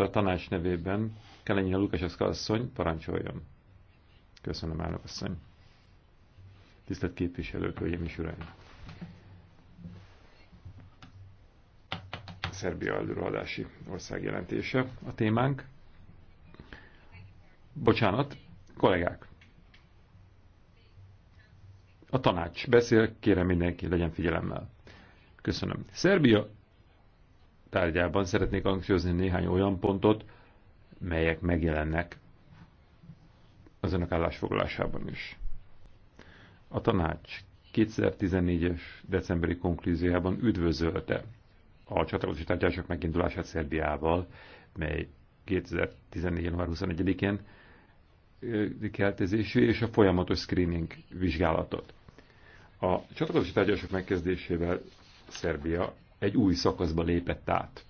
a tanács nevében kelenyi Lukaseszka asszony parancsoljon. Köszönöm, elnök asszony. Tisztelt képviselők, hölgyeim és uraim! Szerbia előadási jelentése a témánk. Bocsánat, kollégák! A tanács beszél, kérem mindenki legyen figyelemmel. Köszönöm. Szerbia tárgyában szeretnék hangsúlyozni néhány olyan pontot, melyek megjelennek az önök állásfoglalásában is. A tanács 2014-es decemberi konklúziójában üdvözölte a csatlakozási tárgyalások megindulását Szerbiával, mely 2014. január 21-én keltezésű és a folyamatos screening vizsgálatot. A csatlakozási tárgyalások megkezdésével Szerbia egy új szakaszba lépett át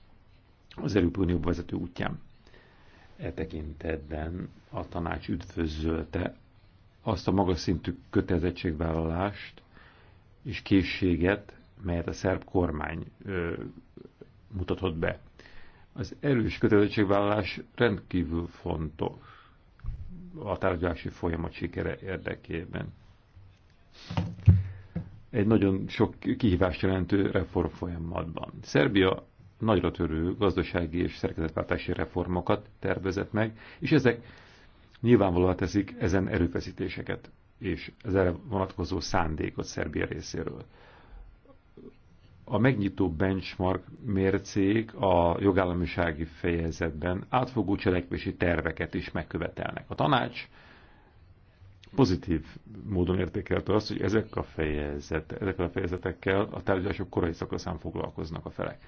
az Európai Unió vezető útján. E tekintetben a tanács üdvözölte azt a magas szintű kötelezettségvállalást és készséget, melyet a szerb kormány ö, mutatott be. Az erős kötelezettségvállalás rendkívül fontos a tárgyalási folyamat sikere érdekében egy nagyon sok kihívást jelentő reform folyamatban. Szerbia nagyra törő gazdasági és szerkezetváltási reformokat tervezett meg, és ezek nyilvánvalóan teszik ezen erőfeszítéseket és az erre vonatkozó szándékot Szerbia részéről. A megnyitó benchmark mércék a jogállamisági fejezetben átfogó cselekvési terveket is megkövetelnek. A tanács pozitív módon értékelte azt, hogy ezek a fejezet, ezekkel a fejezetekkel a tárgyalások korai szakaszán foglalkoznak a felek.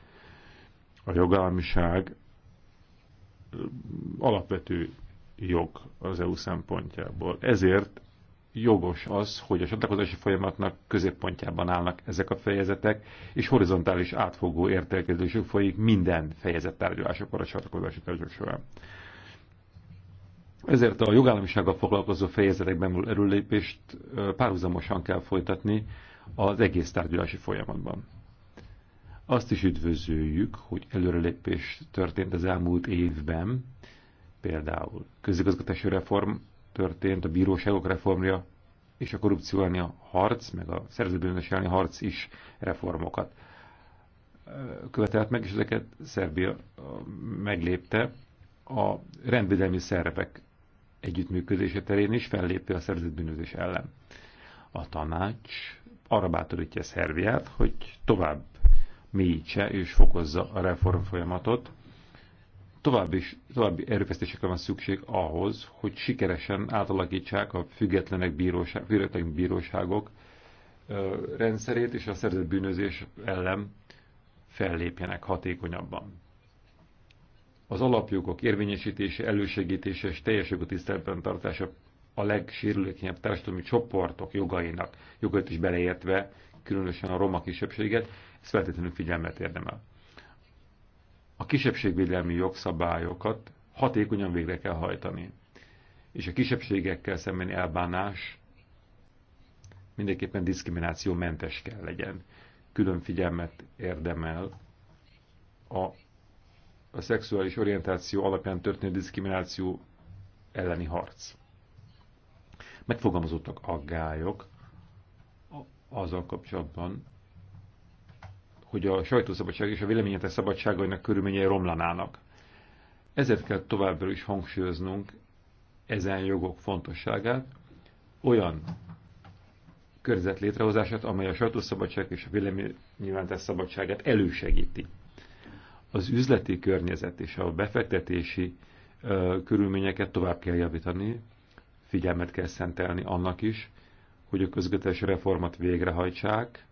A jogállamiság alapvető jog az EU szempontjából. Ezért jogos az, hogy a csatlakozási folyamatnak középpontjában állnak ezek a fejezetek, és horizontális átfogó értelkezésük folyik minden fejezet tárgyalásokor a csatlakozási tárgyalások során. Ezért a jogállamisággal foglalkozó fejezetekben erőlépést párhuzamosan kell folytatni az egész tárgyalási folyamatban. Azt is üdvözöljük, hogy előrelépés történt az elmúlt évben, például közigazgatási reform történt, a bíróságok reformja és a korrupció elleni a harc, meg a szerződőnös elleni harc is reformokat követelt meg, és ezeket Szerbia meglépte a rendvédelmi szervek együttműködése terén is fellépő a szerzett bűnözés ellen. A tanács arra bátorítja Szerbiát, hogy tovább mélyítse és fokozza a reform folyamatot. További, további erőfeszítésekre van szükség ahhoz, hogy sikeresen átalakítsák a függetlenek bíróság, független bíróságok rendszerét és a szerzett bűnözés ellen fellépjenek hatékonyabban az alapjogok érvényesítése, elősegítése és teljes jogú tiszteletben tartása a legsérülékenyebb társadalmi csoportok jogainak, jogait is beleértve, különösen a roma kisebbséget, ez feltétlenül figyelmet érdemel. A kisebbségvédelmi jogszabályokat hatékonyan végre kell hajtani, és a kisebbségekkel szembeni elbánás mindenképpen diszkriminációmentes kell legyen. Külön figyelmet érdemel a a szexuális orientáció alapján történő diszkrimináció elleni harc. Megfogalmazottak aggályok azzal kapcsolatban, hogy a sajtószabadság és a véleményetes szabadságainak körülményei romlanának. Ezért kell továbbra is hangsúlyoznunk ezen jogok fontosságát, olyan körzet létrehozását, amely a sajtószabadság és a véleménynyilvántás szabadságát elősegíti az üzleti környezet és a befektetési körülményeket tovább kell javítani, figyelmet kell szentelni annak is, hogy a közgötési reformot végrehajtsák,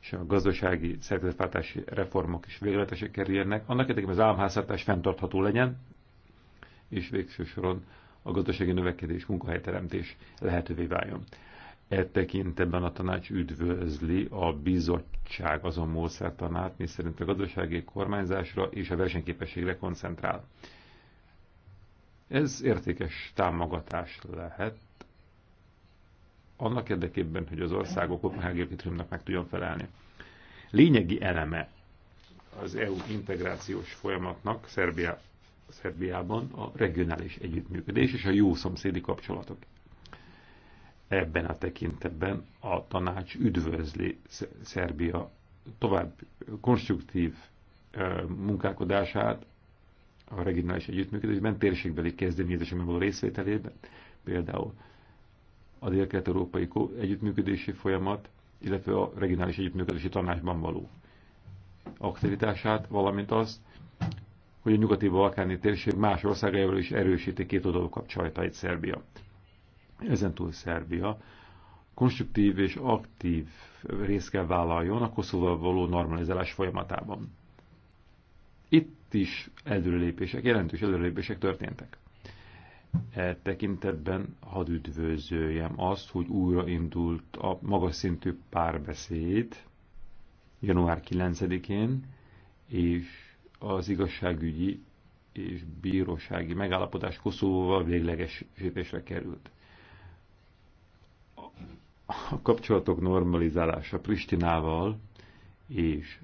és a gazdasági szerkezetváltási reformok is végletesek kerüljenek, annak érdekében az államháztartás fenntartható legyen, és végső soron a gazdasági növekedés, munkahelyteremtés lehetővé váljon. E tekintetben a tanács üdvözli a bizottság azon módszertanát, mi szerint a gazdasági kormányzásra és a versenyképességre koncentrál. Ez értékes támogatás lehet annak érdekében, hogy az országok Kopenhágér kritériumnak meg tudjon felelni. Lényegi eleme az EU integrációs folyamatnak Szerbia, Szerbiában a regionális együttműködés és a jó szomszédi kapcsolatok. Ebben a tekintetben a tanács üdvözli Szerbia tovább konstruktív munkálkodását a regionális együttműködésben, térségbeli kezdeményezésben való részvételében, például a dél európai együttműködési folyamat, illetve a regionális együttműködési tanácsban való aktivitását, valamint azt, hogy a nyugati balkáni térség más országaival is erősíti két oldalú kapcsolatait Szerbia. Ezentúl Szerbia konstruktív és aktív részt kell vállaljon a Koszovóval való normalizálás folyamatában. Itt is előrelépések, jelentős előrelépések történtek. E tekintetben hadd üdvözöljem azt, hogy újraindult a magas szintű párbeszéd január 9-én, és az igazságügyi és bírósági megállapodás Koszovóval véglegesítésre került a kapcsolatok normalizálása Pristinával és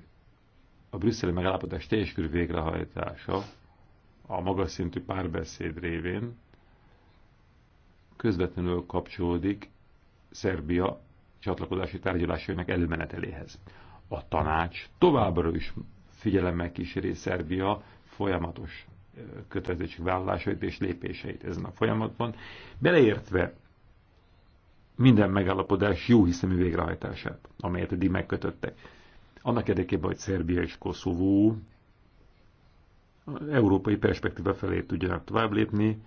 a brüsszeli megállapodás teljes körű végrehajtása a magas szintű párbeszéd révén közvetlenül kapcsolódik Szerbia csatlakozási tárgyalásainak előmeneteléhez. A tanács továbbra is figyelemmel kíséri Szerbia folyamatos kötelezettségvállalásait és lépéseit ezen a folyamatban, beleértve minden megállapodás jó hiszemű végrehajtását, amelyet eddig megkötöttek. Annak érdekében, hogy Szerbia és Koszovó európai perspektíva felé tudjanak tovább lépni,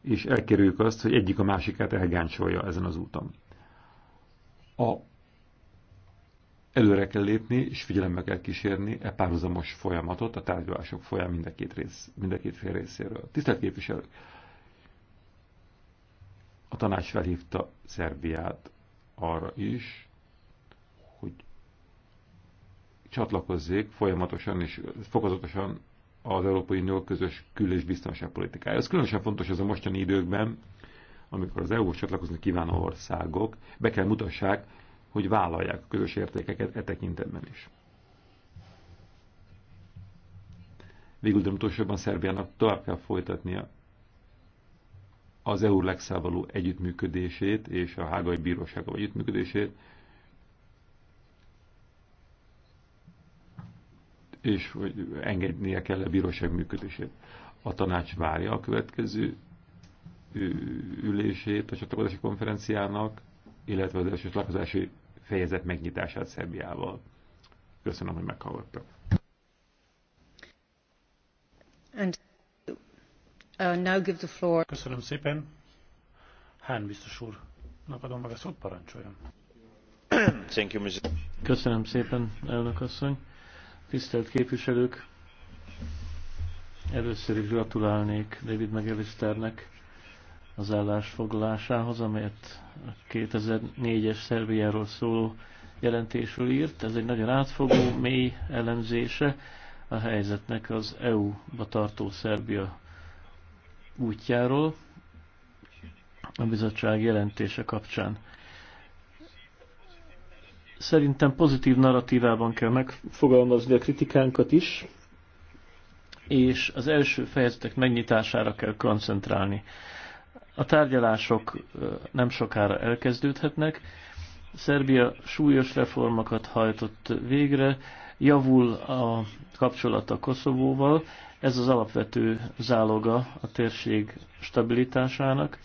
és elkerüljük azt, hogy egyik a másikát elgáncsolja ezen az úton. A előre kell lépni, és figyelembe kell kísérni e párhuzamos folyamatot, a tárgyalások folyam mind a két, rész, mind a két fél részéről. Tisztelt képviselők! tanács felhívta Szerbiát arra is, hogy csatlakozzék folyamatosan és fokozatosan az Európai Unió közös kül- és biztonságpolitikája. Ez különösen fontos ez a mostani időkben, amikor az EU-hoz csatlakozni kívánó országok, be kell mutassák, hogy vállalják a közös értékeket e tekintetben is. Végül, de utolsóban Szerbiának tovább kell folytatnia az eurlex való együttműködését és a hágai bírósággal együttműködését, és hogy engednie kell a bíróság működését. A tanács várja a következő ülését a csatlakozási konferenciának, illetve az első csatlakozási fejezet megnyitását Szerbiával. Köszönöm, hogy meghallgattak. And Uh, Köszönöm szépen. Hán biztos úrnak adom meg a szót, parancsoljon. Köszönöm szépen, elnök asszony. Tisztelt képviselők, először is gratulálnék David McAllisternek az állásfoglalásához, amelyet a 2004-es Szerbiáról szóló jelentésről írt. Ez egy nagyon átfogó, mély elemzése a helyzetnek az EU-ba tartó Szerbia útjáról a bizottság jelentése kapcsán. Szerintem pozitív narratívában kell megfogalmazni a kritikánkat is, és az első fejezetek megnyitására kell koncentrálni. A tárgyalások nem sokára elkezdődhetnek. Szerbia súlyos reformokat hajtott végre, javul a kapcsolata Koszovóval, ez az alapvető záloga a térség stabilitásának,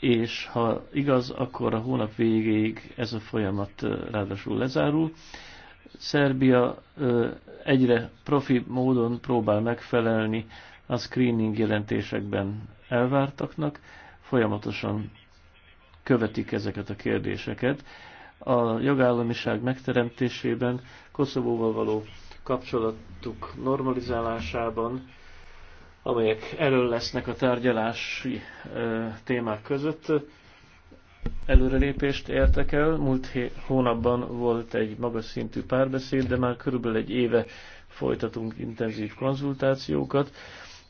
és ha igaz, akkor a hónap végéig ez a folyamat ráadásul lezárul. Szerbia egyre profi módon próbál megfelelni a screening jelentésekben elvártaknak, folyamatosan követik ezeket a kérdéseket. A jogállamiság megteremtésében Koszovóval való kapcsolatuk normalizálásában, amelyek elől lesznek a tárgyalási témák között. Előrelépést értek el. Múlt hónapban volt egy magas szintű párbeszéd, de már körülbelül egy éve folytatunk intenzív konzultációkat,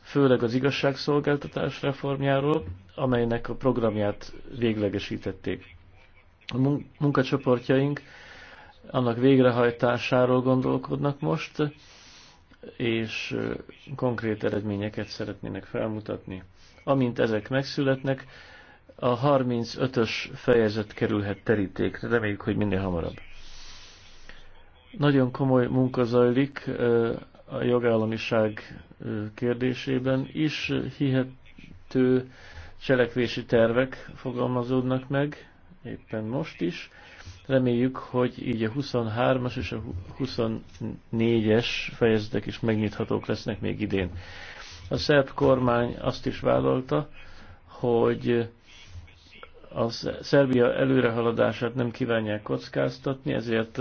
főleg az igazságszolgáltatás reformjáról, amelynek a programját véglegesítették. A munkacsoportjaink annak végrehajtásáról gondolkodnak most, és konkrét eredményeket szeretnének felmutatni. Amint ezek megszületnek, a 35-ös fejezet kerülhet terítékre, reméljük, hogy minél hamarabb. Nagyon komoly munka zajlik a jogállamiság kérdésében is, hihető cselekvési tervek fogalmazódnak meg, éppen most is, Reméljük, hogy így a 23-as és a 24-es fejezetek is megnyithatók lesznek még idén. A szerb kormány azt is vállalta, hogy a Szerbia előrehaladását nem kívánják kockáztatni, ezért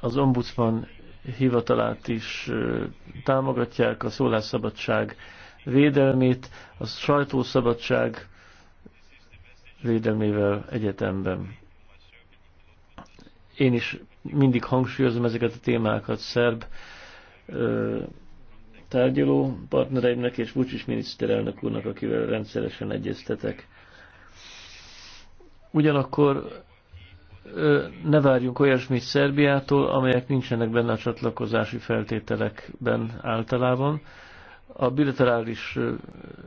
az ombudsman hivatalát is támogatják, a szólásszabadság védelmét, a sajtószabadság védelmével egyetemben. Én is mindig hangsúlyozom ezeket a témákat szerb tárgyaló partnereimnek és Vucsis miniszterelnök úrnak, akivel rendszeresen egyeztetek. Ugyanakkor ne várjunk olyasmit Szerbiától, amelyek nincsenek benne a csatlakozási feltételekben általában. A bilaterális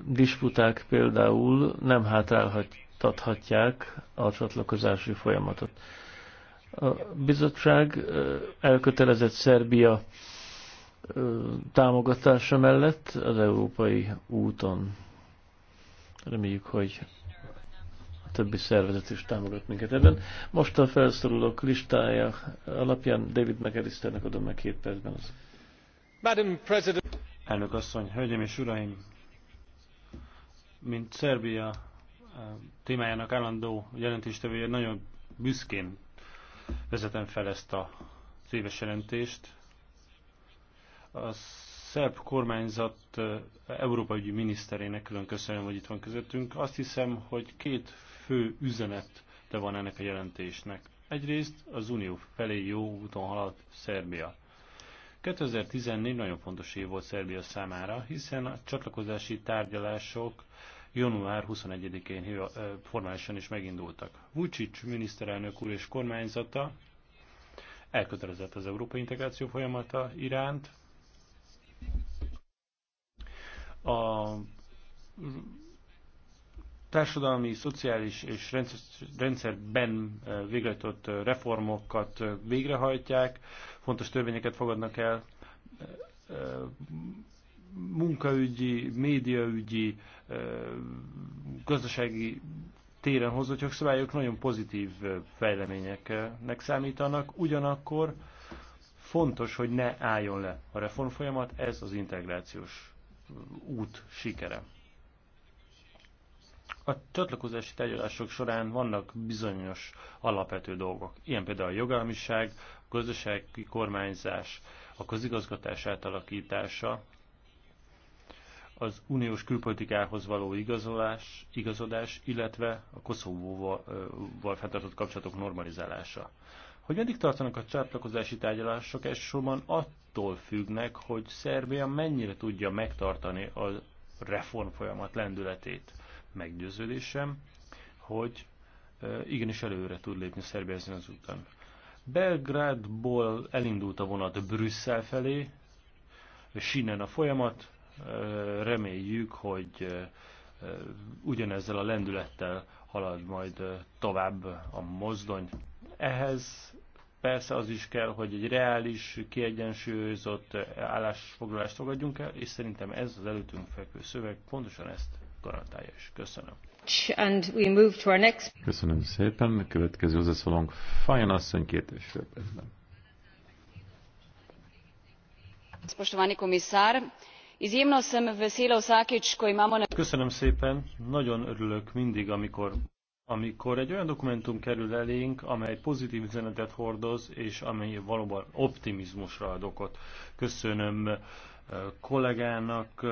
disputák például nem hátrálhat megakadályoztathatják a csatlakozási folyamatot. A bizottság elkötelezett Szerbia támogatása mellett az európai úton. Reméljük, hogy a többi szervezet is támogat minket ebben. Most a felszorulók listája alapján David McAllisternek adom meg két percben az. Madam President. Elnök asszony, hölgyeim és uraim! Mint Szerbia témájának állandó jelentéstevője nagyon büszkén vezetem fel ezt a éves jelentést. A szerb kormányzat európai miniszterének külön köszönöm, hogy itt van közöttünk. Azt hiszem, hogy két fő üzenet de van ennek a jelentésnek. Egyrészt az Unió felé jó úton halad Szerbia. 2014 nagyon fontos év volt Szerbia számára, hiszen a csatlakozási tárgyalások január 21-én formálisan is megindultak. Vucic miniszterelnök úr és kormányzata elkötelezett az európai integráció folyamata iránt. A társadalmi, szociális és rendszerben végrehajtott reformokat végrehajtják, fontos törvényeket fogadnak el, munkaügyi, médiaügyi, gazdasági téren hozott jogszabályok nagyon pozitív fejleményeknek számítanak, ugyanakkor fontos, hogy ne álljon le a reformfolyamat, ez az integrációs út sikere. A csatlakozási tárgyalások során vannak bizonyos alapvető dolgok, ilyen például a jogállamiság, a gazdasági kormányzás, a közigazgatás átalakítása, az uniós külpolitikához való igazolás, igazodás, illetve a Koszovóval fenntartott kapcsolatok normalizálása. Hogy meddig tartanak a csatlakozási tárgyalások, elsősorban attól függnek, hogy Szerbia mennyire tudja megtartani a reform folyamat lendületét. Meggyőződésem, hogy igenis előre tud lépni Szerbia ezen az után. Belgrádból elindult a vonat Brüsszel felé, sínen a folyamat, Reméljük, hogy ugyanezzel a lendülettel halad majd tovább a mozdony. Ehhez persze az is kell, hogy egy reális, kiegyensúlyozott állásfoglalást fogadjunk el, és szerintem ez az előttünk fekvő szöveg pontosan ezt garantálja is. Köszönöm. And we move to our next... Köszönöm szépen. A következő hozzászólónk Fajon asszony két és fél percben. Spoštovani komisár, izjemno sem vesela vsakič ko imamo na. köszönöm szépen nagyon örülök mindig amikor amikor egy olyan dokumentum kerül elénk, amely pozitív üzenetet hordoz, és amely valóban optimizmusra ad okot. Köszönöm eh, kollégának, eh,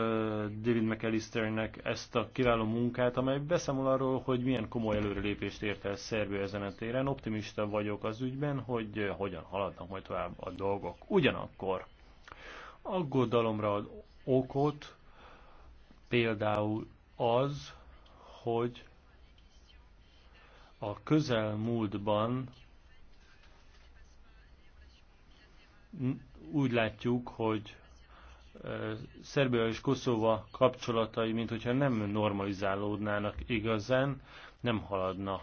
David McAllisternek ezt a kiváló munkát, amely beszámol arról, hogy milyen komoly előrelépést ért el Szerbia ezen a téren. Optimista vagyok az ügyben, hogy eh, hogyan haladnak majd tovább a dolgok. Ugyanakkor aggodalomra ad okot, például az, hogy a közelmúltban úgy látjuk, hogy Szerbia és Koszova kapcsolatai, mint hogyha nem normalizálódnának igazán, nem haladna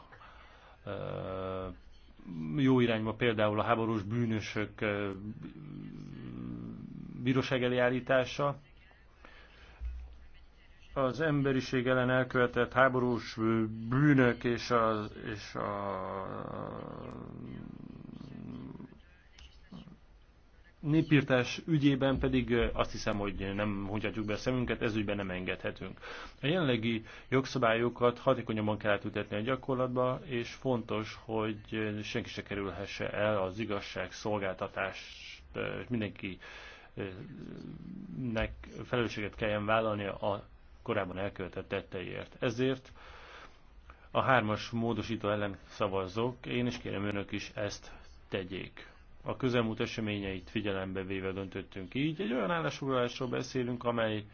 jó irányba például a háborús bűnösök bíróság elé állítása, az emberiség ellen elkövetett háborús bűnök és a, és a népírtás ügyében pedig azt hiszem, hogy nem hunyhatjuk be a szemünket, ez ügyben nem engedhetünk. A jelenlegi jogszabályokat hatékonyabban kell átültetni a gyakorlatba, és fontos, hogy senki se kerülhesse el az igazság szolgáltatást, mindenkinek felelősséget kelljen vállalnia a korábban elkövetett tetteiért. Ezért a hármas módosító ellen szavazzok, én is kérem önök is ezt tegyék. A közelmúlt eseményeit figyelembe véve döntöttünk így. Egy olyan állásfoglalásról beszélünk, amely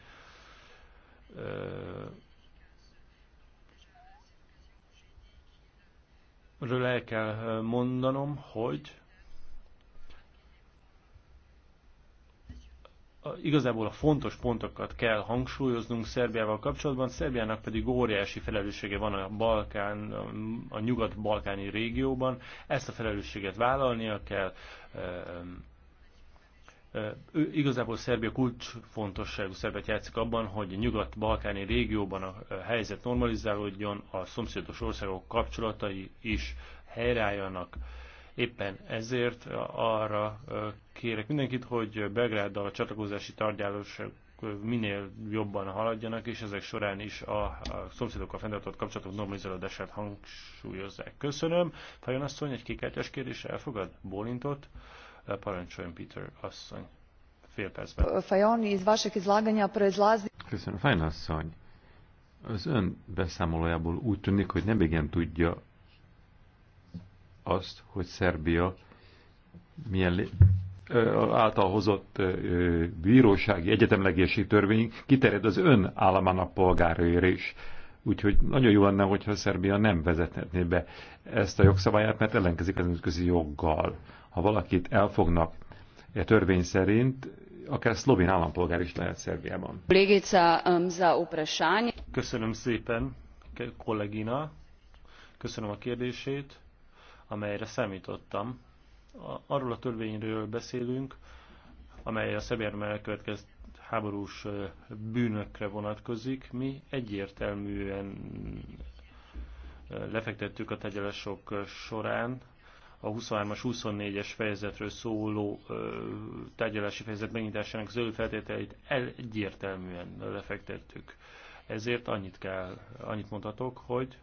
ről el kell mondanom, hogy igazából a fontos pontokat kell hangsúlyoznunk Szerbiával kapcsolatban, Szerbiának pedig óriási felelőssége van a Balkán, a nyugat-balkáni régióban, ezt a felelősséget vállalnia kell, ehm, ehm, ő igazából Szerbia kulcsfontosságú szerepet játszik abban, hogy a nyugat-balkáni régióban a helyzet normalizálódjon, a szomszédos országok kapcsolatai is helyreálljanak. Éppen ezért arra kérek mindenkit, hogy Belgráddal a csatlakozási tárgyalások minél jobban haladjanak, és ezek során is a, a szomszédokkal fenntartott kapcsolatok normalizálódását hangsúlyozzák. Köszönöm. Fajon asszony, egy kékártyás kérdés elfogad? Bólintott. Eh, parancsoljon Peter asszony. Fél percben. Fajon, iz vašeg izlaganja proizlazi... Köszönöm. Fajon asszony, az ön beszámolójából úgy tűnik, hogy nem igen tudja azt, hogy Szerbia milyen által hozott bírósági egyetemlegési törvény kitered az ön államának polgáraira is. Úgyhogy nagyon jó lenne, hogyha Szerbia nem vezethetné be ezt a jogszabályát, mert ellenkezik az nemzetközi joggal. Ha valakit elfognak e törvény szerint, akár szlovén állampolgár is lehet Szerbiában. Um, Köszönöm szépen, kollégina. Köszönöm a kérdését, amelyre számítottam arról a törvényről beszélünk, amely a Szebérme következt háborús bűnökre vonatkozik. Mi egyértelműen lefektettük a tegyelesok során a 23-as, 24-es fejezetről szóló tárgyalási fejezet megnyitásának zöld feltételeit egyértelműen lefektettük. Ezért annyit kell, annyit mondhatok, hogy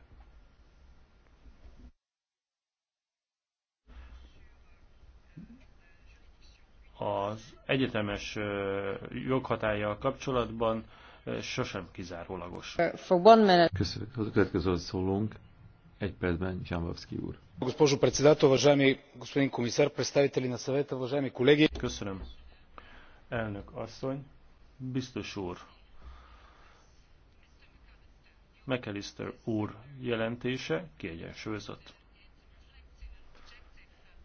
az egyetemes joghatállyal kapcsolatban sosem kizárólagos. For one Következő szólunk. Egy percben Zsámbavszki úr. Köszönöm. Elnök asszony, biztos úr, McAllister úr jelentése kiegyensúlyozott.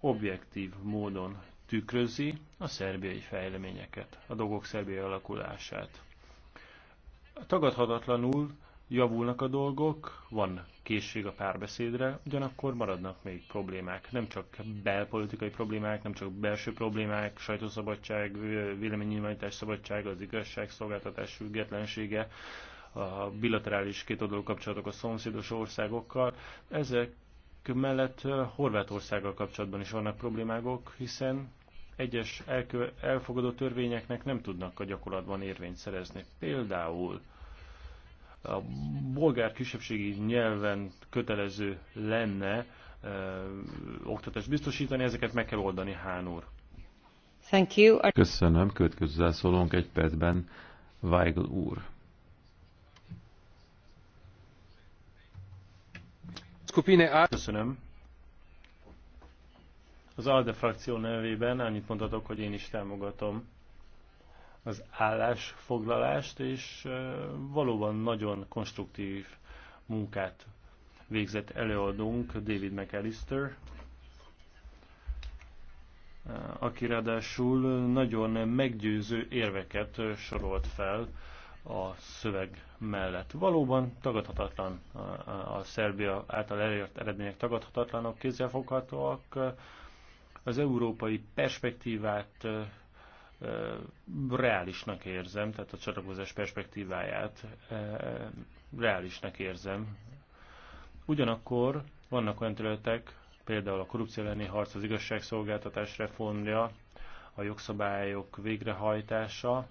Objektív módon tükrözi a szerbiai fejleményeket, a dolgok szerbiai alakulását. Tagadhatatlanul javulnak a dolgok, van készség a párbeszédre, ugyanakkor maradnak még problémák. Nem csak belpolitikai problémák, nem csak belső problémák, sajtószabadság, véleménynyilvánítás szabadság, az igazságszolgáltatás függetlensége, a bilaterális kétoldalú kapcsolatok a szomszédos országokkal. Ezek mellett Horvátországgal kapcsolatban is vannak problémágok, hiszen egyes elfogadó törvényeknek nem tudnak a gyakorlatban érvényt szerezni. Például a bolgár kisebbségi nyelven kötelező lenne ö, oktatást biztosítani, ezeket meg kell oldani, Hán úr. Thank you. Köszönöm, következő zászolónk egy percben, Weigl úr. Az ALDE frakció nevében annyit mondhatok, hogy én is támogatom az állásfoglalást, és valóban nagyon konstruktív munkát végzett előadónk David McAllister, aki ráadásul nagyon meggyőző érveket sorolt fel a szöveg mellett. Valóban tagadhatatlan a Szerbia által elért eredmények tagadhatatlanok, kézzelfoghatóak. Az európai perspektívát reálisnak érzem, tehát a csatlakozás perspektíváját reálisnak érzem. Ugyanakkor vannak olyan területek, például a korrupció elleni harc, az igazságszolgáltatás reformja, a jogszabályok végrehajtása,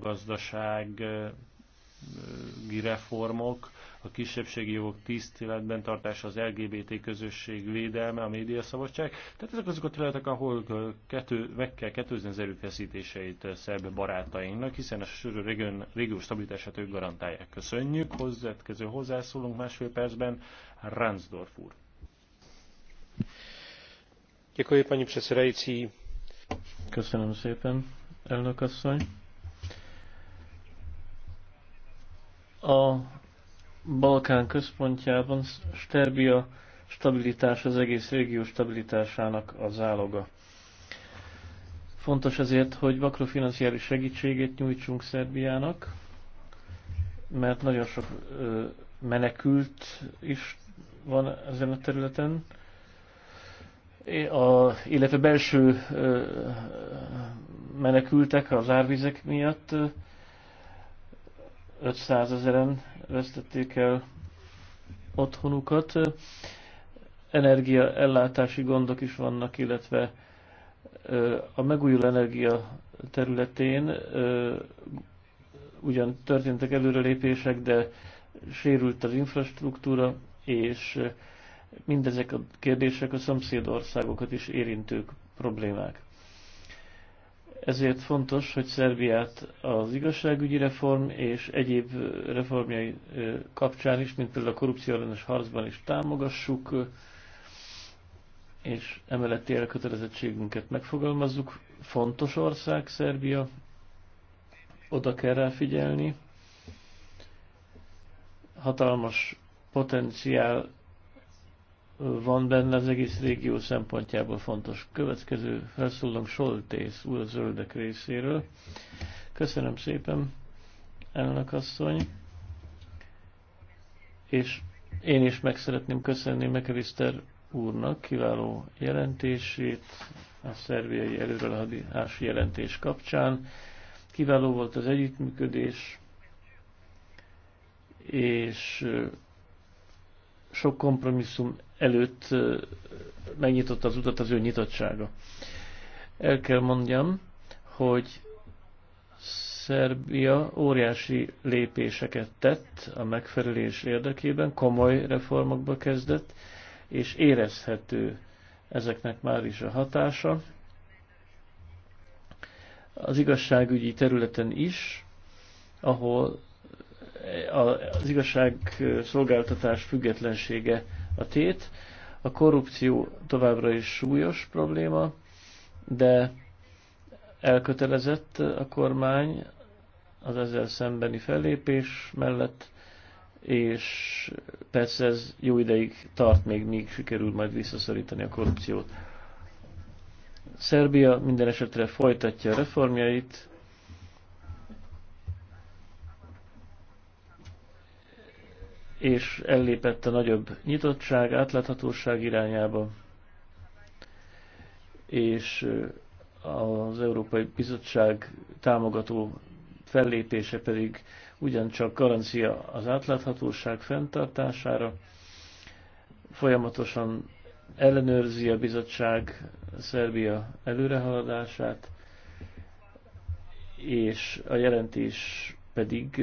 gazdasági reformok, a kisebbségi jogok tiszteletben tartása, az LGBT közösség védelme, a médiaszabadság. Tehát ezek azok a területek, ahol kető, meg kell kettőzni az erőfeszítéseit szerb barátainknak, hiszen a sűrű régió stabilitását ők garantálják. Köszönjük. hozzátkező hozzászólunk másfél percben. Ransdorf úr. Köszönöm szépen, elnök asszony. A Balkán központjában Sterbia stabilitás az egész régió stabilitásának a záloga. Fontos ezért, hogy makrofinanciális segítséget nyújtsunk Szerbiának, mert nagyon sok ö, menekült is van ezen a területen, a, illetve belső ö, menekültek az árvizek miatt. Ö, 500 ezeren vesztették el otthonukat. Energiaellátási gondok is vannak, illetve a megújuló energia területén ugyan történtek előrelépések, de sérült az infrastruktúra, és mindezek a kérdések a szomszéd országokat is érintők problémák ezért fontos, hogy Szerbiát az igazságügyi reform és egyéb reformjai kapcsán is, mint például a korrupció ellenes harcban is támogassuk, és emellett elkötelezettségünket megfogalmazzuk. Fontos ország Szerbia, oda kell rá figyelni. Hatalmas potenciál van benne az egész régió szempontjából fontos. Következő felszólalom Soltész úr a zöldek részéről. Köszönöm szépen, elnök asszony. És én is meg szeretném köszönni Mekeviszter úrnak kiváló jelentését a szerviai előrelhadási jelentés kapcsán. Kiváló volt az együttműködés, és sok kompromisszum előtt megnyitotta az utat az ő nyitottsága. El kell mondjam, hogy Szerbia óriási lépéseket tett a megfelelés érdekében, komoly reformokba kezdett, és érezhető ezeknek már is a hatása. Az igazságügyi területen is, ahol az igazságszolgáltatás függetlensége a tét. A korrupció továbbra is súlyos probléma, de elkötelezett a kormány az ezzel szembeni fellépés mellett, és persze ez jó ideig tart még, míg sikerül majd visszaszorítani a korrupciót. Szerbia minden esetre folytatja a reformjait, és ellépett a nagyobb nyitottság, átláthatóság irányába, és az Európai Bizottság támogató fellépése pedig ugyancsak garancia az átláthatóság fenntartására, folyamatosan ellenőrzi a bizottság Szerbia előrehaladását, és a jelentés pedig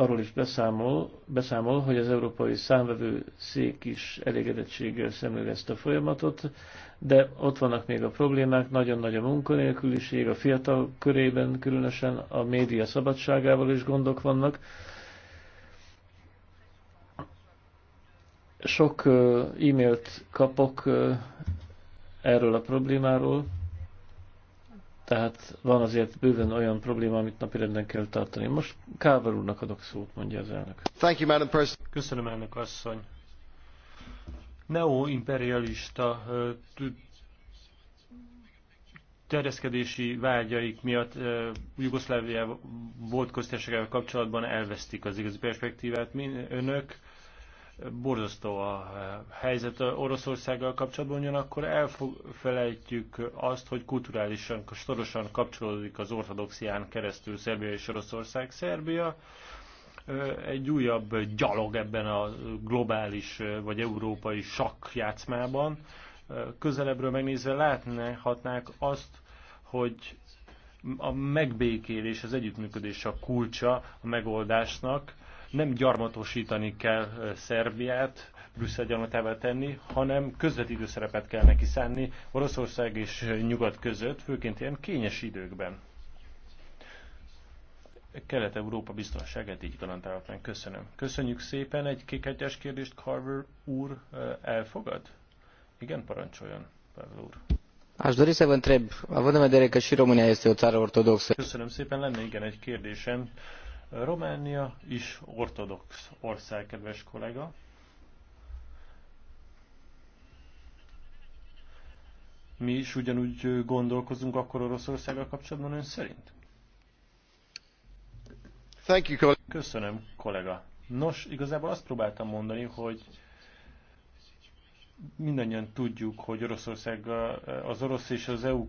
arról is beszámol, beszámol, hogy az Európai Számvevő Szék is elégedettséggel szemléli ezt a folyamatot, de ott vannak még a problémák, nagyon nagy a munkanélküliség, a fiatal körében különösen a média szabadságával is gondok vannak. Sok e-mailt kapok erről a problémáról. Tehát van azért bőven olyan probléma, amit napirenden kell tartani. Most Káver úrnak adok szót, mondja az elnök. Thank you, Madam President. Köszönöm, elnök asszony. Neoimperialista terjeszkedési vágyaik miatt Jugoszlávia volt köztársaságával kapcsolatban elvesztik az igazi perspektívát. Min, önök borzasztó a eh, helyzet Oroszországgal kapcsolatban, ugyanakkor elfelejtjük azt, hogy kulturálisan, sorosan kapcsolódik az ortodoxián keresztül Szerbia és Oroszország. Szerbia eh, egy újabb gyalog ebben a globális eh, vagy európai sakkjátszmában. Közelebbről megnézve láthatnák azt, hogy a megbékélés, az együttműködés a kulcsa a megoldásnak, nem gyarmatosítani kell Szerbiát, Brüsszel gyanatává tenni, hanem közvetítő szerepet kell neki szánni Oroszország és Nyugat között, főként ilyen kényes időkben. Kelet-Európa biztonságát így garantálhatnánk. Köszönöm. Köszönjük szépen. Egy kékhegyes kérdést Carver úr elfogad? Igen, parancsoljon, Pavel úr. Aș dori să vă întreb, având în vedere că și România este o țară ortodoxă. Köszönöm szépen, lenne igen egy kérdésem. Románia is ortodox ország, kedves kollega. Mi is ugyanúgy gondolkozunk akkor Oroszországgal kapcsolatban ön szerint? Thank you, Köszönöm, kollega. Nos, igazából azt próbáltam mondani, hogy mindannyian tudjuk, hogy Oroszország, az orosz és az EU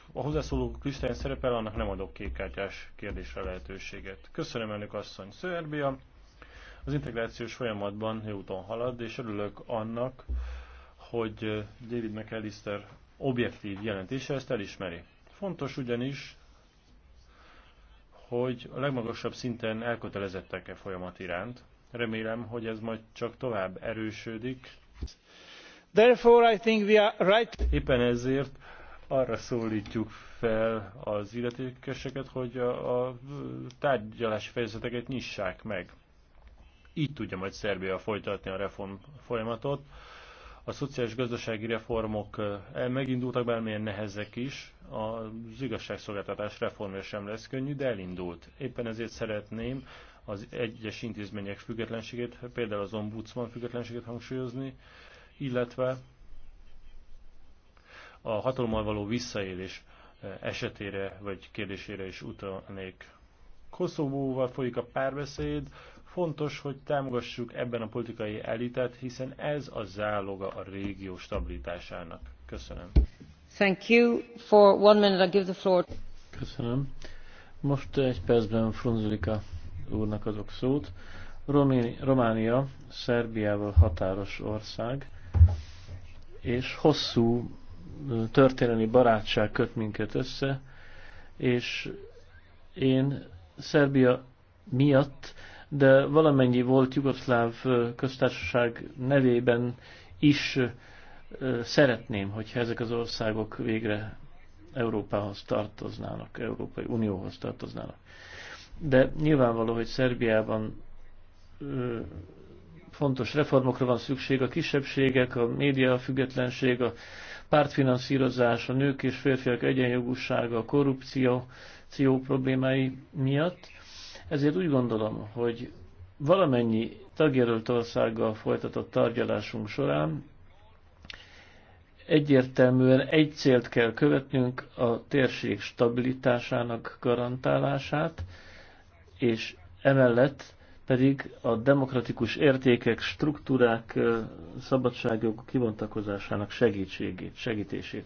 a hozzászóló listáján szerepel, annak nem adok kékkártyás kérdésre lehetőséget. Köszönöm elnök asszony, Szerbia. Az integrációs folyamatban jó úton halad, és örülök annak, hogy David McAllister objektív jelentése ezt elismeri. Fontos ugyanis, hogy a legmagasabb szinten elkötelezettek e folyamat iránt. Remélem, hogy ez majd csak tovább erősödik. Therefore, I think we are right. Éppen ezért arra szólítjuk fel az illetékeseket, hogy a, a tárgyalási fejezeteket nyissák meg. Így tudja majd Szerbia folytatni a reform folyamatot. A szociális gazdasági reformok eh, megindultak, bármilyen nehezek is, az igazságszolgáltatás reformja sem lesz könnyű, de elindult. Éppen ezért szeretném az egyes intézmények függetlenségét, például az ombudsman függetlenségét hangsúlyozni, illetve a hatalommal való visszaélés e, esetére vagy kérdésére is utalnék. Koszovóval folyik a párbeszéd, fontos, hogy támogassuk ebben a politikai elitet, hiszen ez a záloga a régió stabilitásának. Köszönöm. Thank you. For one minute I give the floor. Köszönöm. Most egy percben Frunzulika úrnak azok szót. Romé Románia Szerbiával határos ország, és hosszú történelmi barátság köt minket össze, és én Szerbia miatt, de valamennyi volt Jugoszláv köztársaság nevében is szeretném, hogyha ezek az országok végre Európához tartoznának, Európai Unióhoz tartoznának. De nyilvánvaló, hogy Szerbiában fontos reformokra van szükség, a kisebbségek, a média függetlenség, a pártfinanszírozás, a nők és férfiak egyenjogúsága, a korrupció ció problémái miatt. Ezért úgy gondolom, hogy valamennyi tagjelölt országgal folytatott tárgyalásunk során egyértelműen egy célt kell követnünk, a térség stabilitásának garantálását, és emellett pedig a demokratikus értékek, struktúrák, szabadságok kibontakozásának segítségét, segítését.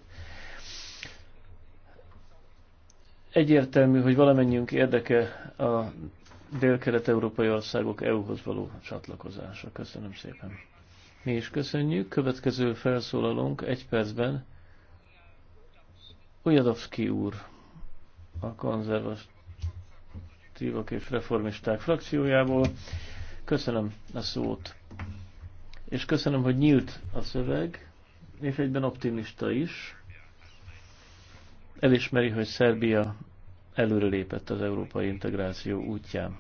Egyértelmű, hogy valamennyiünk érdeke a dél-kelet-európai országok EU-hoz való csatlakozása. Köszönöm szépen. Mi is köszönjük. Következő felszólalónk egy percben. Ujadovszki úr, a konzervatív konzervatívok és reformisták frakciójából. Köszönöm a szót, és köszönöm, hogy nyílt a szöveg, és egyben optimista is. Elismeri, hogy Szerbia előrelépett az európai integráció útján.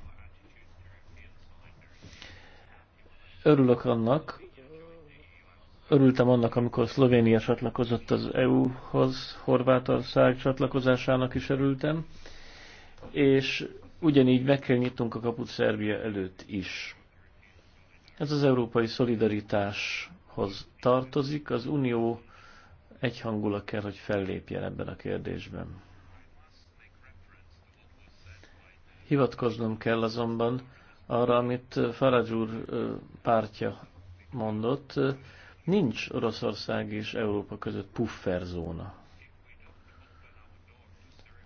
Örülök annak, örültem annak, amikor Szlovénia csatlakozott az EU-hoz, Horvátország csatlakozásának is örültem, és ugyanígy meg kell nyitnunk a kaput Szerbia előtt is. Ez az európai szolidaritáshoz tartozik, az Unió egyhangula kell, hogy fellépjen ebben a kérdésben. Hivatkoznom kell azonban arra, amit Farage úr pártja mondott, nincs Oroszország és Európa között pufferzóna.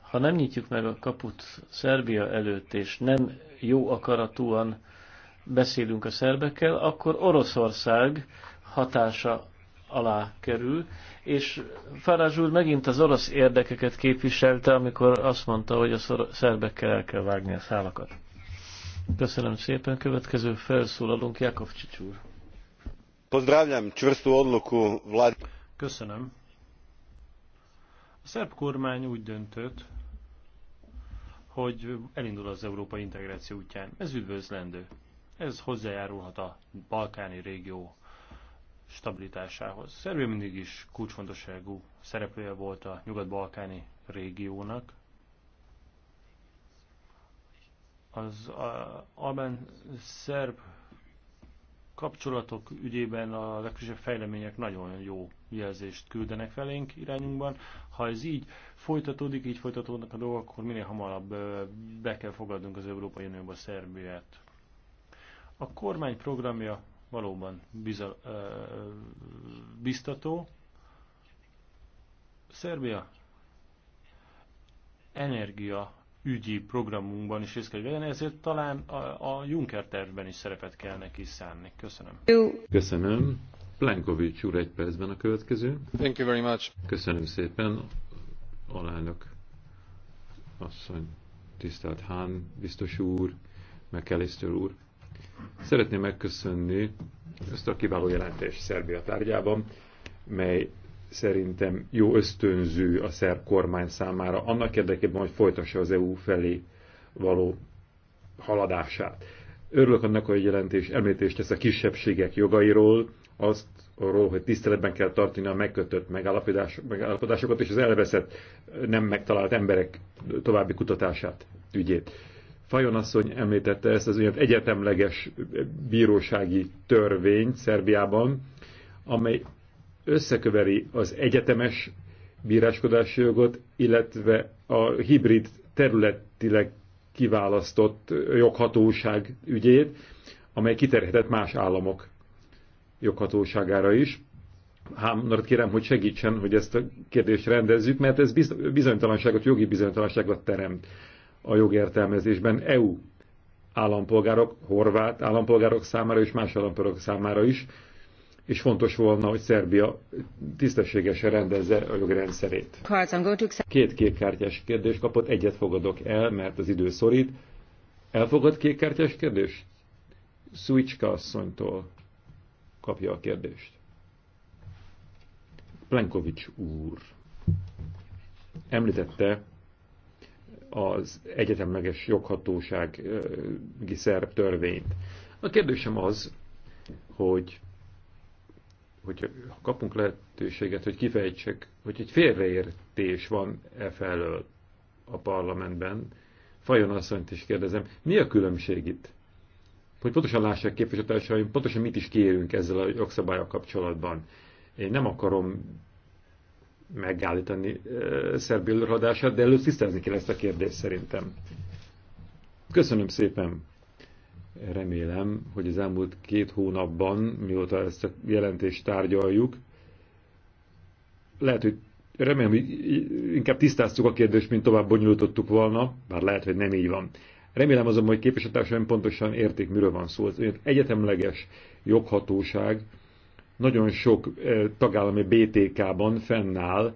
Ha nem nyitjuk meg a kaput Szerbia előtt, és nem jó akaratúan beszélünk a szerbekkel, akkor Oroszország hatása alá kerül, és Farázs úr megint az orosz érdekeket képviselte, amikor azt mondta, hogy a szerbekkel el kell vágni a szálakat. Köszönöm szépen. Következő felszólalunk Jakov úr. Pozdravljam čvrstu odluku vlad... Köszönöm. A szerb kormány úgy döntött, hogy elindul az európai integráció útján. Ez üdvözlendő. Ez hozzájárulhat a balkáni régió stabilitásához. Szerbia mindig is kulcsfontosságú szereplője volt a nyugat-balkáni régiónak. Az albán-szerb kapcsolatok ügyében a legkisebb fejlemények nagyon jó jelzést küldenek felénk irányunkban. Ha ez így folytatódik, így folytatódnak a dolgok, akkor minél hamarabb be kell fogadnunk az Európai Unióba Szerbiát. A kormány programja valóban bizal, ö, biztató. Szerbia energia ügyi programunkban is részt kell venni, ezért talán a, a Juncker tervben is szerepet kell neki szánni. Köszönöm. Köszönöm. Plenkovics úr egy percben a következő. Thank you very much. Köszönöm szépen, alelnök asszony, tisztelt Hán, biztos úr, McAllister úr. Szeretném megköszönni ezt a kiváló jelentés Szerbia tárgyában, mely szerintem jó ösztönző a szerb kormány számára, annak érdekében, hogy folytassa az EU felé való haladását. Örülök annak, hogy jelentés említést tesz a kisebbségek jogairól, azt arról, hogy tiszteletben kell tartani a megkötött megállapodás, megállapodásokat és az elveszett, nem megtalált emberek további kutatását, ügyét. Fajon asszony említette ezt az úgynevezett egyetemleges bírósági törvényt Szerbiában, amely összeköveri az egyetemes bíráskodási jogot, illetve a hibrid területileg kiválasztott joghatóság ügyét, amely kiterhetett más államok joghatóságára is. Hámnart kérem, hogy segítsen, hogy ezt a kérdést rendezzük, mert ez bizonytalanságot, jogi bizonytalanságot teremt a jogértelmezésben EU állampolgárok, horvát állampolgárok számára és más állampolgárok számára is, és fontos volna, hogy Szerbia tisztességesen rendezze a jogrendszerét. Két kékkártyás kérdés kapott, egyet fogadok el, mert az idő szorít. Elfogad kékkártyás kérdés? Szújcska asszonytól kapja a kérdést. Plenkovics úr említette az egyetemleges joghatósági szerb törvényt. A kérdésem az, hogy hogy kapunk lehetőséget, hogy kifejtsek, hogy egy félreértés van e felől a parlamentben. Fajon asszonyt is kérdezem, mi a különbség itt? hogy pontosan lássák képviselőtársaim, pontosan mit is kérünk ezzel a jogszabályok kapcsolatban. Én nem akarom megállítani e, Szerbia adását, de először tisztázni kell ezt a kérdést szerintem. Köszönöm szépen! Remélem, hogy az elmúlt két hónapban, mióta ezt a jelentést tárgyaljuk, lehet, hogy remélem, hogy inkább tisztáztuk a kérdést, mint tovább bonyolítottuk volna, bár lehet, hogy nem így van. Remélem azonban, hogy képviselőtársaim pontosan értik, miről van szó. Az egyetemleges joghatóság nagyon sok e, tagállami BTK-ban fennáll,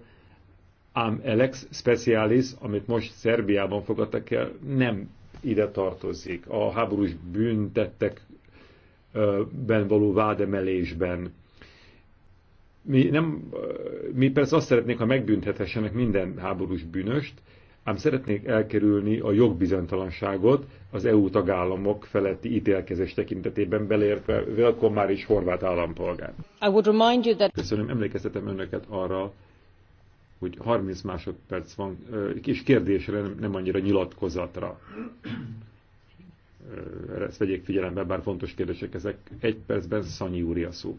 ám Alex Specialis, amit most Szerbiában fogadtak el, nem ide tartozik. A háborús büntettekben e, való vádemelésben. Mi, nem, e, mi persze azt szeretnénk, ha megbünthethessenek minden háborús bűnöst, ám szeretnék elkerülni a jogbizonytalanságot az EU tagállamok feletti ítélkezés tekintetében, beleértve velkom már is horvát állampolgár. I would remind you that... Köszönöm, emlékeztetem önöket arra, hogy 30 másodperc van, és kérdésre, nem annyira nyilatkozatra. Ezt vegyék figyelembe, bár fontos kérdések ezek. Egy percben Szanyi úri a szó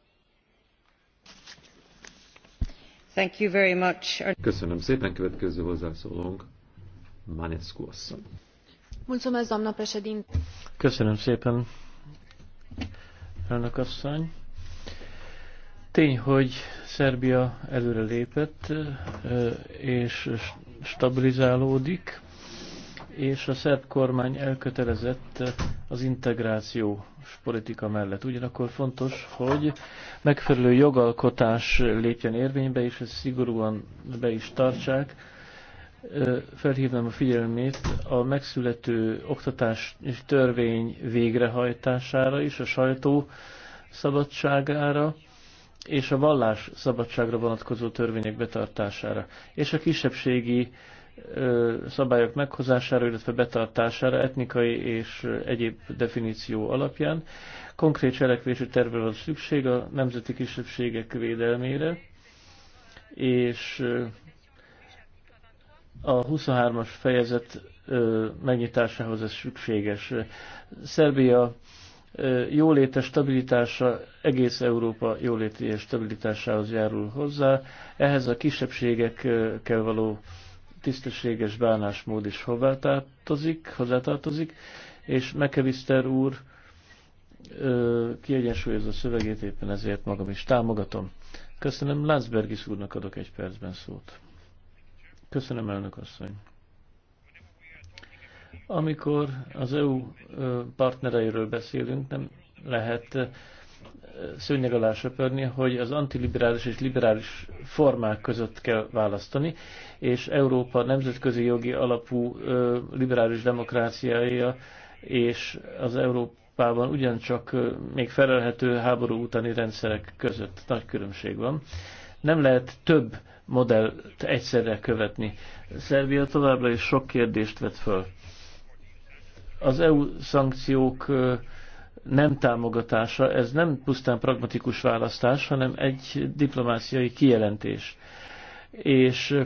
Thank you very much. Köszönöm szépen, következő hozzászólónk, Manescu asszony. Mulțumesc, doamna președinte. Köszönöm szépen, elnök asszony. Tény, hogy Szerbia előre lépett és stabilizálódik, és a szerb kormány elkötelezett az integrációs politika mellett. Ugyanakkor fontos, hogy megfelelő jogalkotás lépjen érvénybe, és ezt szigorúan be is tartsák. Felhívnám a figyelmét a megszülető oktatás és törvény végrehajtására is, a sajtó szabadságára, és a vallás szabadságra vonatkozó törvények betartására, és a kisebbségi szabályok meghozására, illetve betartására etnikai és egyéb definíció alapján. Konkrét cselekvési tervre van szükség a nemzeti kisebbségek védelmére, és a 23-as fejezet megnyitásához ez szükséges. Szerbia jóléte stabilitása egész Európa jóléti és stabilitásához járul hozzá. Ehhez a kisebbségekkel való tisztességes bánásmód is hozzátartozik, hozzátartozik és Mekeviszter úr kiegyensúlyozza szövegét, éppen ezért magam is támogatom. Köszönöm, Lászbergis úrnak adok egy percben szót. Köszönöm, elnök asszony. Amikor az EU partnereiről beszélünk, nem lehet szőnyeg alá söpörni, hogy az antiliberális és liberális formák között kell választani, és Európa nemzetközi jogi alapú liberális demokráciája és az Európában ugyancsak még felelhető háború utáni rendszerek között nagy különbség van. Nem lehet több modellt egyszerre követni. Szerbia továbbra is sok kérdést vet föl. Az EU szankciók nem támogatása, ez nem pusztán pragmatikus választás, hanem egy diplomáciai kijelentés. És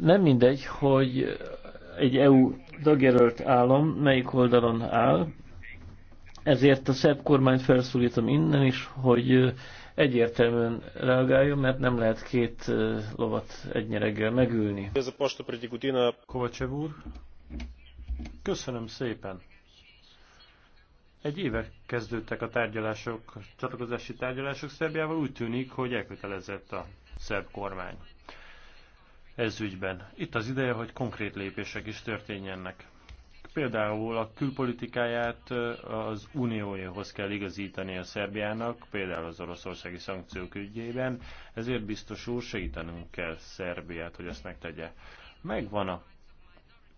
nem mindegy, hogy egy EU dagerölt állam melyik oldalon áll, ezért a szebb kormányt felszólítom innen is, hogy egyértelműen reagáljon, mert nem lehet két lovat egy nyereggel megülni. Ez a Pasta Kovacsev úr, köszönöm szépen. Egy éve kezdődtek a tárgyalások, csatlakozási tárgyalások Szerbiával, úgy tűnik, hogy elkötelezett a szerb kormány ez ügyben. Itt az ideje, hogy konkrét lépések is történjenek. Például a külpolitikáját az unióhoz kell igazítani a Szerbiának, például az oroszországi szankciók ügyében, ezért biztos úr segítenünk kell Szerbiát, hogy ezt megtegye. Megvan a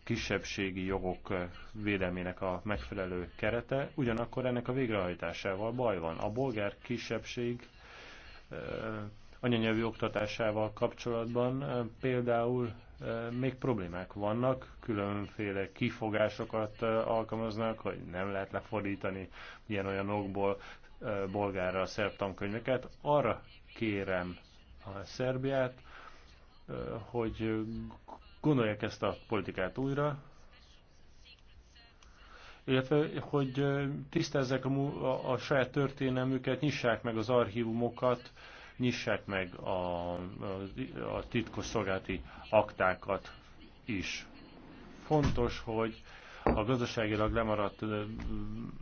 kisebbségi jogok védelmének a megfelelő kerete, ugyanakkor ennek a végrehajtásával baj van. A bolgár kisebbség anyanyelvi oktatásával kapcsolatban például még problémák vannak, különféle kifogásokat alkalmaznak, hogy nem lehet lefordítani ilyen-olyan okból bolgárra a szerb tankönyveket. Arra kérem a Szerbiát, hogy gondolják ezt a politikát újra, illetve hogy tisztázzák a, a, a saját történelmüket, nyissák meg az archívumokat, nyissák meg a, a, a titkos szolgálati aktákat is. Fontos, hogy a gazdaságilag lemaradt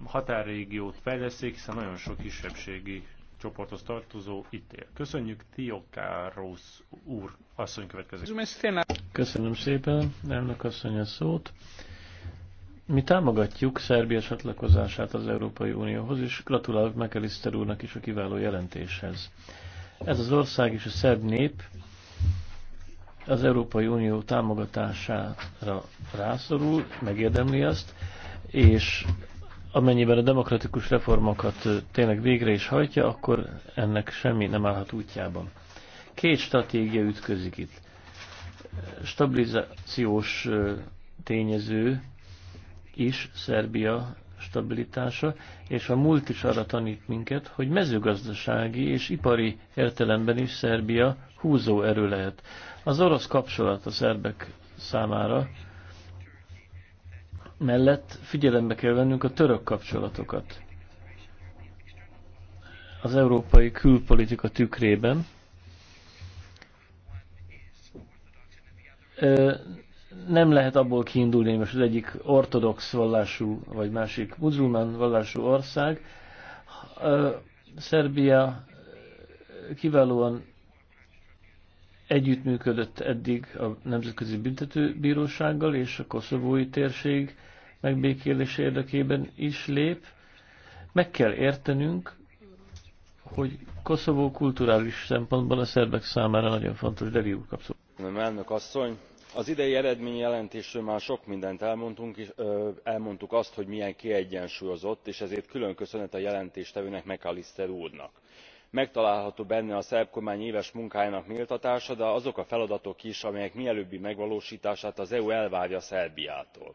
határrégiót fejleszék, hiszen nagyon sok kisebbségi csoporthoz tartozó ítél. Köszönjük Tiokáros úr, asszony következik. Köszönöm szépen, elnök asszony a szót. Mi támogatjuk Szerbia csatlakozását az Európai Unióhoz, és gratulálok Mekeliszter úrnak is a kiváló jelentéshez. Ez az ország és a szerb nép az Európai Unió támogatására rászorul, megérdemli azt, és amennyiben a demokratikus reformokat tényleg végre is hajtja, akkor ennek semmi nem állhat útjában. Két stratégia ütközik itt. Stabilizációs tényező is Szerbia stabilitása, és a múlt is arra tanít minket, hogy mezőgazdasági és ipari értelemben is Szerbia húzó erő lehet. Az orosz kapcsolat a szerbek számára mellett figyelembe kell vennünk a török kapcsolatokat az európai külpolitika tükrében. Nem lehet abból kiindulni, hogy most az egyik ortodox vallású, vagy másik muzulmán vallású ország. Szerbia kiválóan együttműködött eddig a Nemzetközi Büntetőbírósággal és a koszovói térség megbékélés érdekében is lép. Meg kell értenünk, hogy Koszovó kulturális szempontban a szerbek számára nagyon fontos, de úr kapszol. Nem elnök asszony, az idei jelentésről már sok mindent elmondtunk és elmondtuk azt hogy milyen kiegyensúlyozott és ezért külön köszönet a jelentéstevőnek mcallister úrnak. megtalálható benne a szerb kormány éves munkájának méltatása de azok a feladatok is amelyek mielőbbi megvalósítását az eu elvárja szerbiától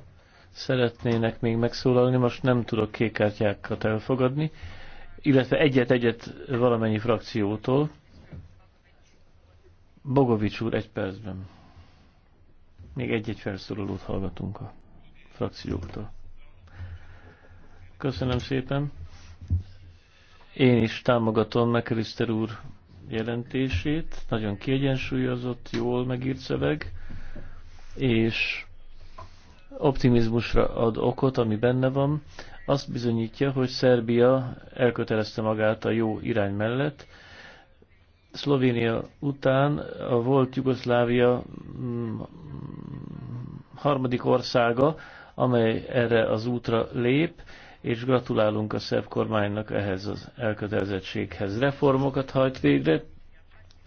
szeretnének még megszólalni, most nem tudok kékkártyákat elfogadni, illetve egyet-egyet valamennyi frakciótól. Bogovics úr, egy percben. Még egy-egy felszólalót hallgatunk a frakcióktól. Köszönöm szépen. Én is támogatom McAllister úr jelentését. Nagyon kiegyensúlyozott, jól megírt szöveg, és optimizmusra ad okot, ami benne van. Azt bizonyítja, hogy Szerbia elkötelezte magát a jó irány mellett. Szlovénia után a volt Jugoszlávia mm, harmadik országa, amely erre az útra lép, és gratulálunk a szerb kormánynak ehhez az elkötelezettséghez. Reformokat hajt végre,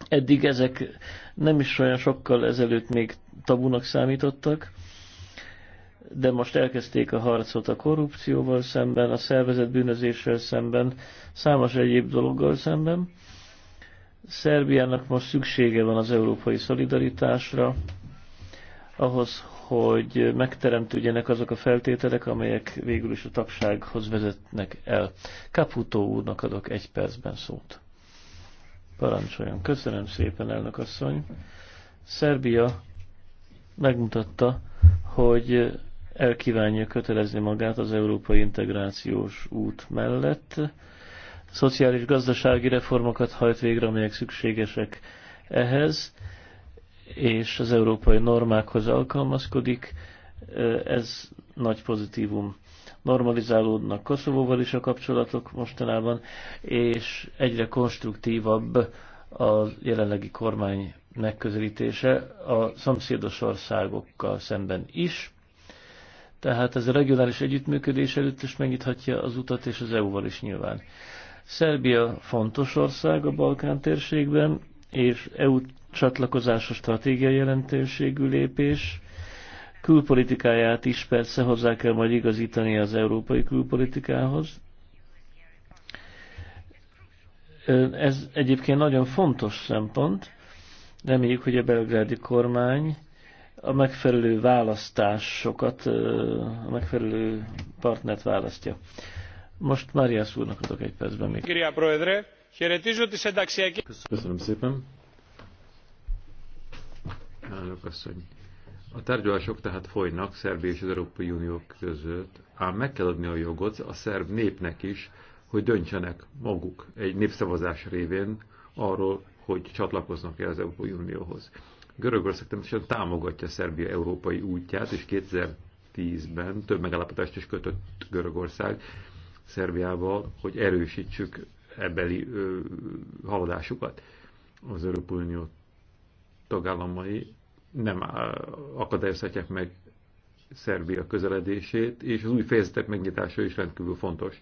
eddig ezek nem is olyan sokkal ezelőtt még tabunak számítottak, de most elkezdték a harcot a korrupcióval szemben, a szervezet bűnözéssel szemben, számos egyéb dologgal szemben. Szerbiának most szüksége van az európai szolidaritásra, ahhoz, hogy megteremtődjenek azok a feltételek, amelyek végül is a tagsághoz vezetnek el. Kaputó úrnak adok egy percben szót. Parancsoljon. Köszönöm szépen, elnök asszony. Szerbia megmutatta, hogy elkívánja kötelezni magát az európai integrációs út mellett. Szociális gazdasági reformokat hajt végre, amelyek szükségesek ehhez, és az európai normákhoz alkalmazkodik. Ez nagy pozitívum. Normalizálódnak Koszovóval is a kapcsolatok mostanában, és egyre konstruktívabb a jelenlegi kormány megközelítése a szomszédos országokkal szemben is tehát ez a regionális együttműködés előtt is megnyithatja az utat, és az EU-val is nyilván. Szerbia fontos ország a Balkán térségben, és EU csatlakozása stratégia jelentőségű lépés. Külpolitikáját is persze hozzá kell majd igazítani az európai külpolitikához. Ez egyébként nagyon fontos szempont. Reméljük, hogy a belgrádi kormány a megfelelő választásokat, a megfelelő partnert választja. Most Máriász úrnak adok egy percben még. Köszönöm szépen. asszony. A tárgyalások tehát folynak Szerbia és az Európai Unió között, ám meg kell adni a jogot a szerb népnek is, hogy döntsenek maguk egy népszavazás révén arról, hogy csatlakoznak-e az Európai Unióhoz. Görögország természetesen támogatja Szerbia európai útját, és 2010-ben több megállapodást is kötött Görögország Szerbiával, hogy erősítsük ebeli ö, haladásukat. Az Európai Unió tagállamai nem akadályozhatják meg Szerbia közeledését, és az új fejezetek megnyitása is rendkívül fontos.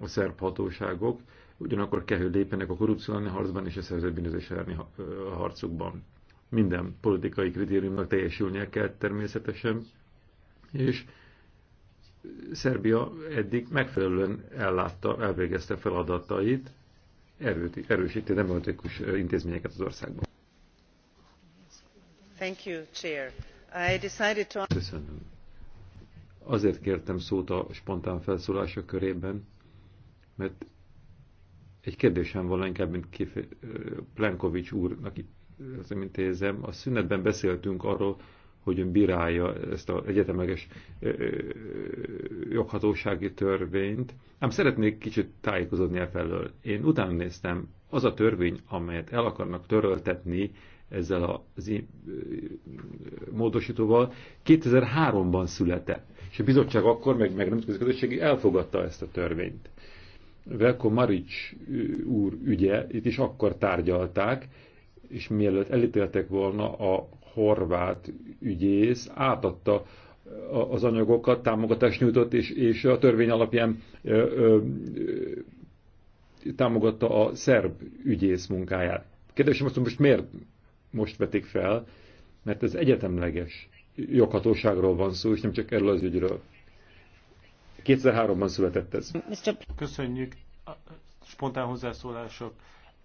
A szerb hatóságok ugyanakkor kell, hogy lépjenek a korrupció harcban és a szerződbűnözés elleni harcukban minden politikai kritériumnak teljesülnie kell természetesen, és Szerbia eddig megfelelően ellátta, elvégezte feladatait, erőt, erősíti demokratikus intézményeket az országban. Thank you, Chair. I decided to... Köszönöm. Azért kértem szót a spontán felszólása körében, mert egy kérdésem van inkább, mint Plenkovics úrnak az intézem, a szünetben beszéltünk arról, hogy ön bírálja ezt az egyetemeges joghatósági törvényt. Ám szeretnék kicsit tájékozódni e felől. Én utána néztem, az a törvény, amelyet el akarnak töröltetni ezzel a módosítóval, 2003-ban született. És a bizottság akkor, meg, meg nemzetközi közösség elfogadta ezt a törvényt. Velko Maric úr ügye, itt is akkor tárgyalták, és mielőtt elítéltek volna a horvát ügyész, átadta az anyagokat, támogatást nyújtott, és, és a törvény alapján ö, ö, ö, támogatta a szerb ügyész munkáját. Kérdésem azt, most miért most vetik fel? Mert ez egyetemleges joghatóságról van szó, és nem csak erről az ügyről. 2003-ban született ez. Köszönjük. A spontán hozzászólások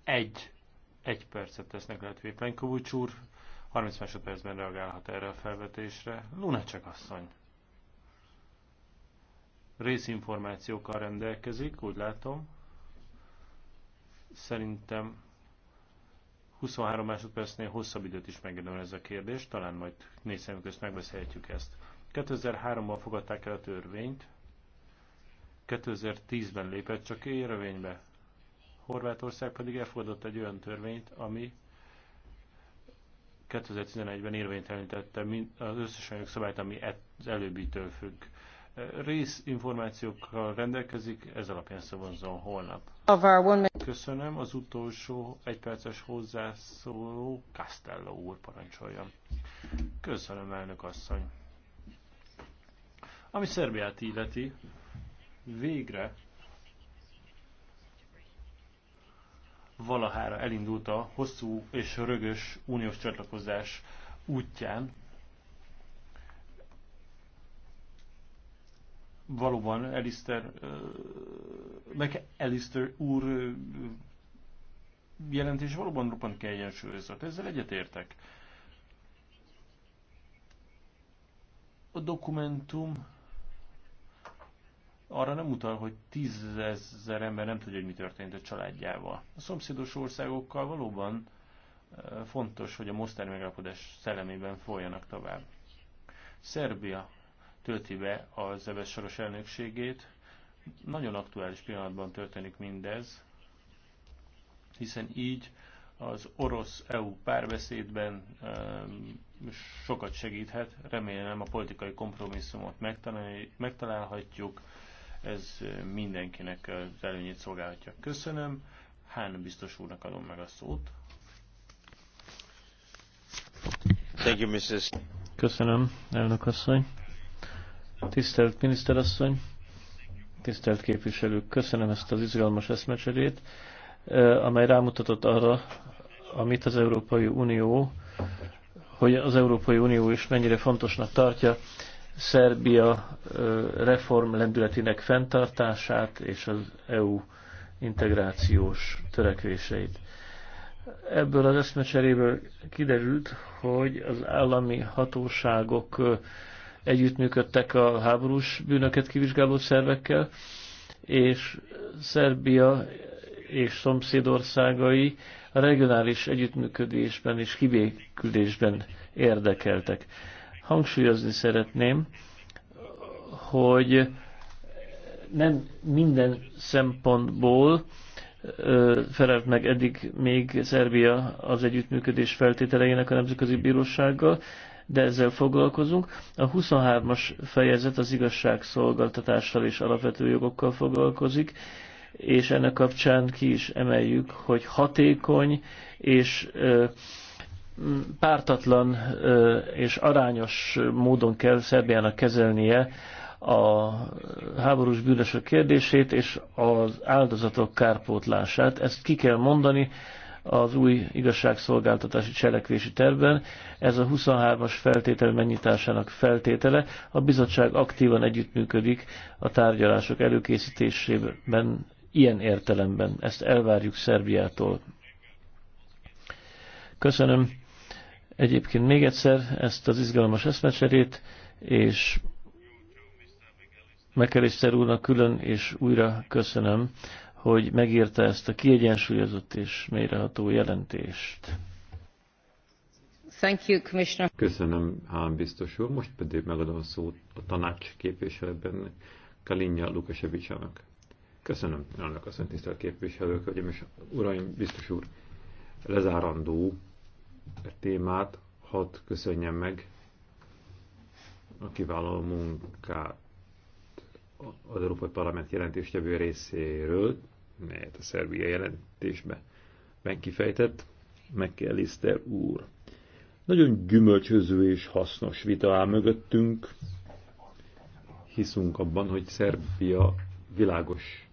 egy egy percet tesznek lehetővé. Plenkovics úr 30 másodpercben reagálhat erre a felvetésre. Lunacek asszony részinformációkkal rendelkezik, úgy látom. Szerintem 23 másodpercnél hosszabb időt is megérdem ez a kérdés, talán majd négy szemük közt megbeszélhetjük ezt. 2003-ban fogadták el a törvényt, 2010-ben lépett csak érvénybe. Horvátország pedig elfogadott egy olyan törvényt, ami 2011-ben érvénytelenítette az összes anyag szabályt, ami e- az előbbitől függ. Rész információkkal rendelkezik, ez alapján szavazzon holnap. Köszönöm, az utolsó egyperces hozzászóló Castello úr parancsolja. Köszönöm, elnök asszony. Ami Szerbiát illeti, végre valahára elindult a hosszú és rögös uniós csatlakozás útján. Valóban Elister, meg Elister úr jelentés valóban roppant kiegyensúlyozott. Ezzel egyetértek. A dokumentum arra nem utal, hogy tízezer ember nem tudja, hogy mi történt a családjával. A szomszédos országokkal valóban fontos, hogy a Mostár megállapodás szellemében folyanak tovább. Szerbia tölti be az EBS soros elnökségét. Nagyon aktuális pillanatban történik mindez, hiszen így az orosz-EU párbeszédben sokat segíthet. Remélem a politikai kompromisszumot megtalálhatjuk, ez mindenkinek az előnyét szolgálhatja. Köszönöm. Hán biztos úrnak adom meg a szót. Thank you, Mrs. Köszönöm, elnök asszony. Tisztelt miniszterasszony, tisztelt képviselők, köszönöm ezt az izgalmas eszmecserét, eh, amely rámutatott arra, amit az Európai Unió, hogy az Európai Unió is mennyire fontosnak tartja Szerbia reform lendületének fenntartását és az EU integrációs törekvéseit. Ebből az eszmecseréből kiderült, hogy az állami hatóságok együttműködtek a háborús bűnöket kivizsgáló szervekkel, és Szerbia és szomszédországai a regionális együttműködésben és kibékülésben érdekeltek hangsúlyozni szeretném, hogy nem minden szempontból felelt meg eddig még Szerbia az együttműködés feltételeinek a Nemzetközi Bírósággal, de ezzel foglalkozunk. A 23-as fejezet az igazságszolgáltatással és alapvető jogokkal foglalkozik, és ennek kapcsán ki is emeljük, hogy hatékony és pártatlan és arányos módon kell Szerbiának kezelnie a háborús bűnösök kérdését és az áldozatok kárpótlását. Ezt ki kell mondani az új igazságszolgáltatási cselekvési tervben. Ez a 23-as feltétel megnyitásának feltétele. A bizottság aktívan együttműködik a tárgyalások előkészítésében ilyen értelemben. Ezt elvárjuk Szerbiától. Köszönöm Egyébként még egyszer ezt az izgalmas eszmecserét, és Mekeliszter úrnak külön és újra köszönöm, hogy megírta ezt a kiegyensúlyozott és mélyreható jelentést. Thank you, Commissioner. Köszönöm, Hán biztos úr. Most pedig megadom a szót a tanács képviselőben, Kalinja Lukasevicsának. Köszönöm, elnök a tisztelt képviselők, hogy és uraim, biztos úr. Lezárandó témát, hadd köszönjem meg a kiváló munkát az Európai Parlament jelentéstevő részéről, melyet a Szerbia jelentésben kell Lister úr. Nagyon gyümölcsöző és hasznos vita áll mögöttünk. Hiszünk abban, hogy Szerbia világos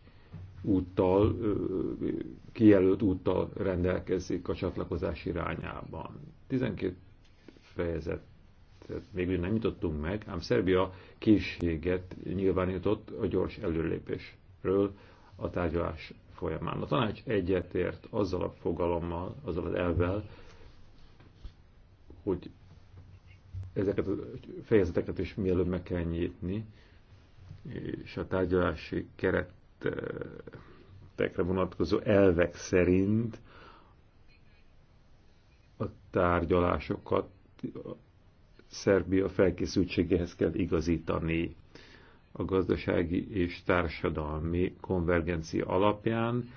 úttal, kijelölt úttal rendelkezik a csatlakozás irányában. 12 fejezet még nem jutottunk meg, ám Szerbia készséget nyilvánított a gyors előlépésről a tárgyalás folyamán. A tanács egyetért azzal a fogalommal, azzal az elvvel, hogy ezeket a fejezeteket is mielőbb meg kell nyitni, és a tárgyalási keret tekre vonatkozó elvek szerint a tárgyalásokat Szerbia felkészültségéhez kell igazítani a gazdasági és társadalmi konvergencia alapján,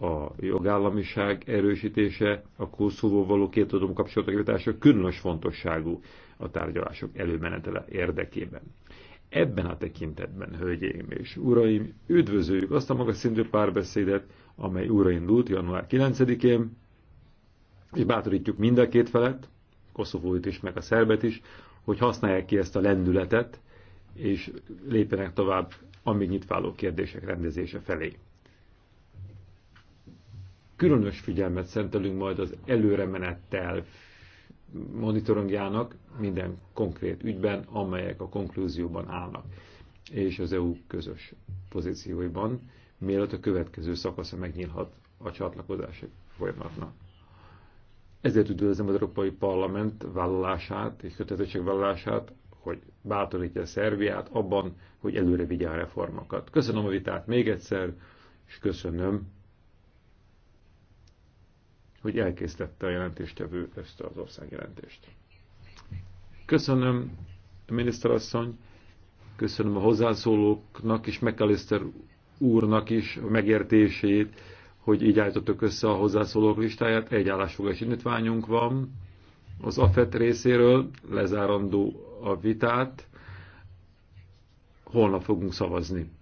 a jogállamiság erősítése, a Koszovó való két kapcsolatok különös fontosságú a tárgyalások előmenetele érdekében. Ebben a tekintetben, hölgyeim és uraim, üdvözöljük azt a magas szintű párbeszédet, amely indult január 9-én, és bátorítjuk mind a két felet, Koszovóit is, meg a szerbet is, hogy használják ki ezt a lendületet, és lépjenek tovább amíg nyitváló kérdések rendezése felé. Különös figyelmet szentelünk majd az előre menettel monitorongjának minden konkrét ügyben, amelyek a konklúzióban állnak, és az EU közös pozícióiban, mielőtt a következő szakasza megnyílhat a csatlakozási folyamatnak. Ezért üdvözlöm az Európai Parlament vállalását és kötelezettségvállalását, hogy bátorítja a Szerbiát abban, hogy előre vigye a reformokat. Köszönöm a vitát még egyszer, és köszönöm hogy elkészítette a jelentéstevő ezt az országjelentést. Köszönöm, miniszterasszony, köszönöm a hozzászólóknak és McAllister úrnak is a megértését, hogy így állítottuk össze a hozzászólók listáját. Egy állásfogás indítványunk van az AFET részéről, lezárandó a vitát. Holnap fogunk szavazni.